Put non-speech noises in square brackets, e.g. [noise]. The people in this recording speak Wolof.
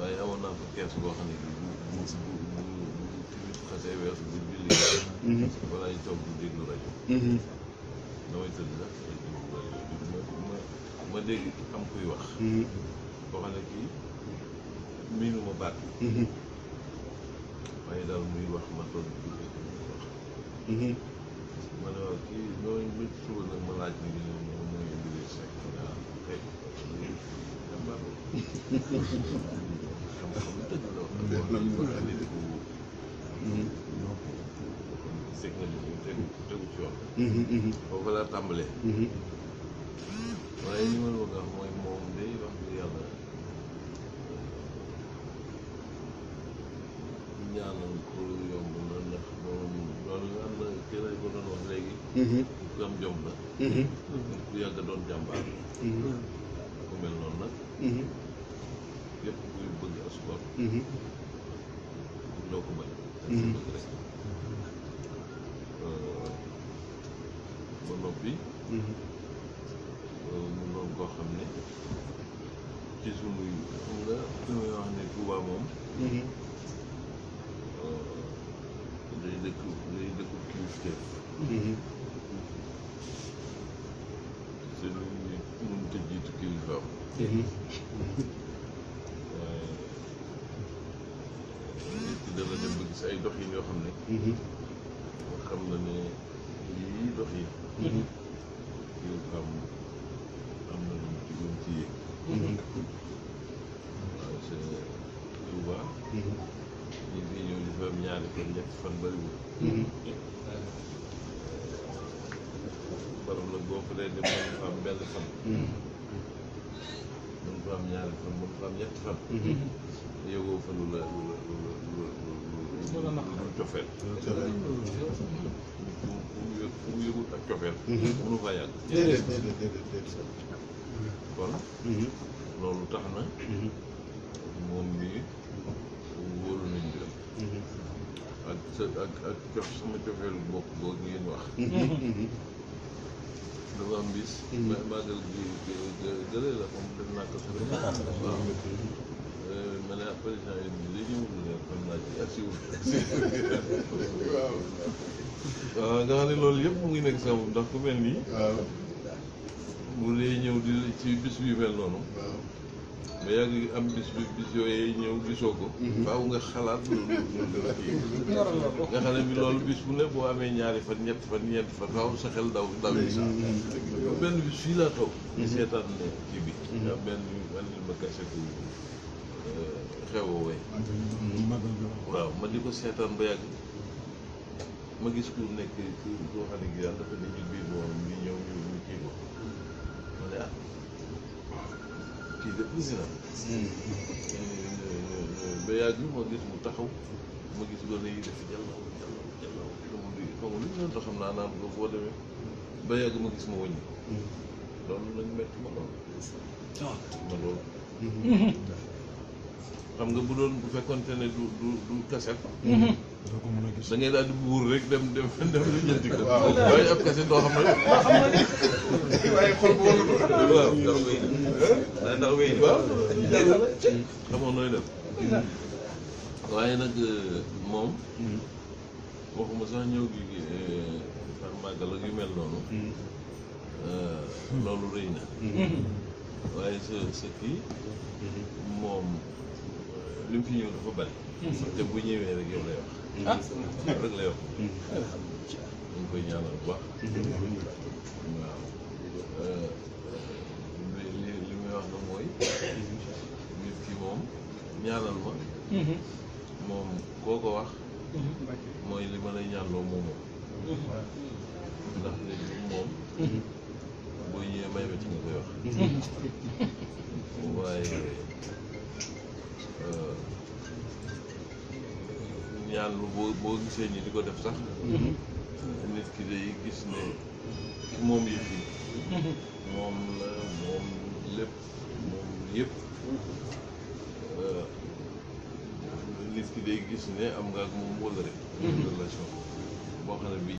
waaye amoon naa ko gerte boo xam ne bu bu bu bu bu tamit xasee weesu bu julli. Mhm. balaa ñu toog di déglu rajo. Mhm. damay tëdd sax ma dégg am kuy wax. Mhm. boo xam ne kii miinu ma baat. waaye daal muy wax ma toog ma ne waaw kii ñooñu nit suba nag ma laaj ni ñu ne moom mooy indi rek nga ah, kay. nañu waxee ne ko wóor. sëñ bi tegu tegu ci yoon. foofu laa tàmbalee. waaye li ma la bëgg a wax mooy moom day wax dëgg yàlla ñaanal ko na ndax moom loolu am na kii lañ ko doon wax ku am jom la. ku yàgg doon jàmbaar la. ku mel noonu nag. yëpp kuy doo ko bañ. ba mhm. euh, noppi. Mhm. Euh, mu koo xam ne ci sunuy xam nga ne Touba moom. Mhm. Euh, day dëkk day dëkku kilifteef. te lu mu mënta jiitu gis ay dox yi yoo xam ne moo mhm. xam na ne lii dox yi mhm. yow am am na lu ci gën ci yéeg mhm. waaw c' est Touba ñu ñëw di fa am ñaari fan ñetti fan bëriwul barab nag boo fa dee dem mën fa am benn ñaari fan mën fa am fan yëgoo fa lu la lu la lu la cofeel mu yëgul ak cofeel mënu fa yàgg déedéet déedéet déedéet kon loolu tax na moom mii wóolu nañ mbiram ak sa ak ak cof sama cofeel bopp boo ngeen wax dafa am bis màggal gi gëlee la comme dem naa ko waaw ma ne ah président ak si wul waaw. nga xam loolu yëpp mu ngi nekk sama ndax ku mel nii. waaw. dee ñëw di ci bis yu mel noonu. waaw. ba yàgg am bis bi bis yooyee ñëw gisoo ko. Mhm. faaw nga xalaat loolu loolu nga xam bis bu ne boo amee ñaari fan ñett fan ñeent fan faaw sa xel daw daw yi sax. Mhm. benn bis fii laa toog. di mhm. seetaan ne kii bi. benn benn ma kese xew woowee waaw man di ko seetaan ba yàgg ma gis ku nekk ku koo xam ne gi daal ko ma ne ah kii de président ma mu taxaw ma gis gone yi def jàllaw jàllaw jàllaw xamul ma gis ma loolu nag metti ma loolu [laughs] xam nga bu doon bu fekkonte ne du du du kaset. Mhm. doo ko buur rek dem dem dem lu [laughs] jëndi ko. waaw waaye kaset doo xam ne. waaw de. waaye xamoon nooy def. waaye nag euh, moom. Mhm. waxuma sax ñëw gi par euh, màggal ak mel noonu. Mhm. Euh, loolu rëy na. waaye sa sa moom. li fi ñëw dafa bari. Hmm. te bu ñëwee rek yow lay wax. ah rek lay wax. dañ hmm. hmm. koy ñaanal bu baax. waaw li li muy wax nag mooy. nit ki moom ñaanal ma. moom koo ko wax. mooy li ma lay ñaanloo moomu. ndax moom. boo ñëwee may ba ci nga koy wax. waaye. ñaan boo boo gisee ñi di ko def sax mhm. nit ki day gis ne ki moom yëf moom moom lépp moom yëpp euh, nit ki day gis ne am nga ak moom wala rek mhm. relation boo xam ne bii